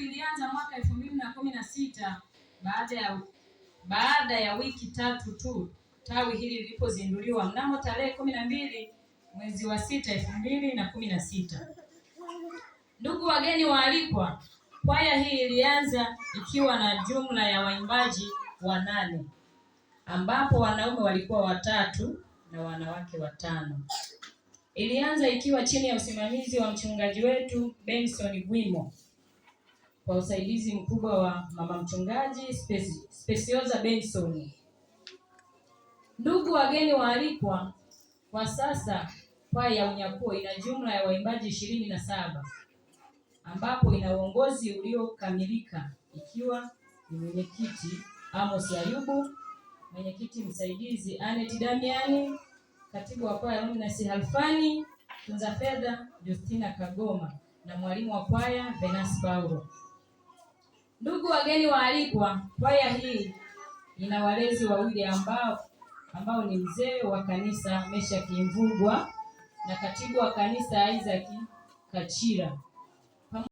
yetu ilianza mwaka elfu mbili na kumi na sita baada ya baada ya wiki tatu tu tawi hili lilipozinduliwa mnamo tarehe kumi na mbili mwezi wa sita elfu mbili na kumi na sita. Ndugu wageni waalikwa, kwaya hii ilianza ikiwa na jumla ya waimbaji wanane ambapo wanaume walikuwa watatu na wanawake watano. Ilianza ikiwa chini ya usimamizi wa mchungaji wetu Benson Gwimo kwa usaidizi mkubwa wa mama mchungaji Specioza Benson. Ndugu wageni waalikwa, kwa sasa kwaya ya unyakuo ina jumla ya waimbaji ishirini na saba ambapo ina uongozi uliokamilika ikiwa ni mwenyekiti Amos Ayubu, mwenyekiti msaidizi Anet Damiani, katibu wa kwaya si Halfani, tunza fedha Justina Kagoma na mwalimu wa kwaya venas Paulo. Ndugu wageni waalikwa, kwaya hii ina walezi wawili ambao ambao ni mzee wa kanisa Meshack Imvugwa na katibu wa kanisa Isaac Kachira.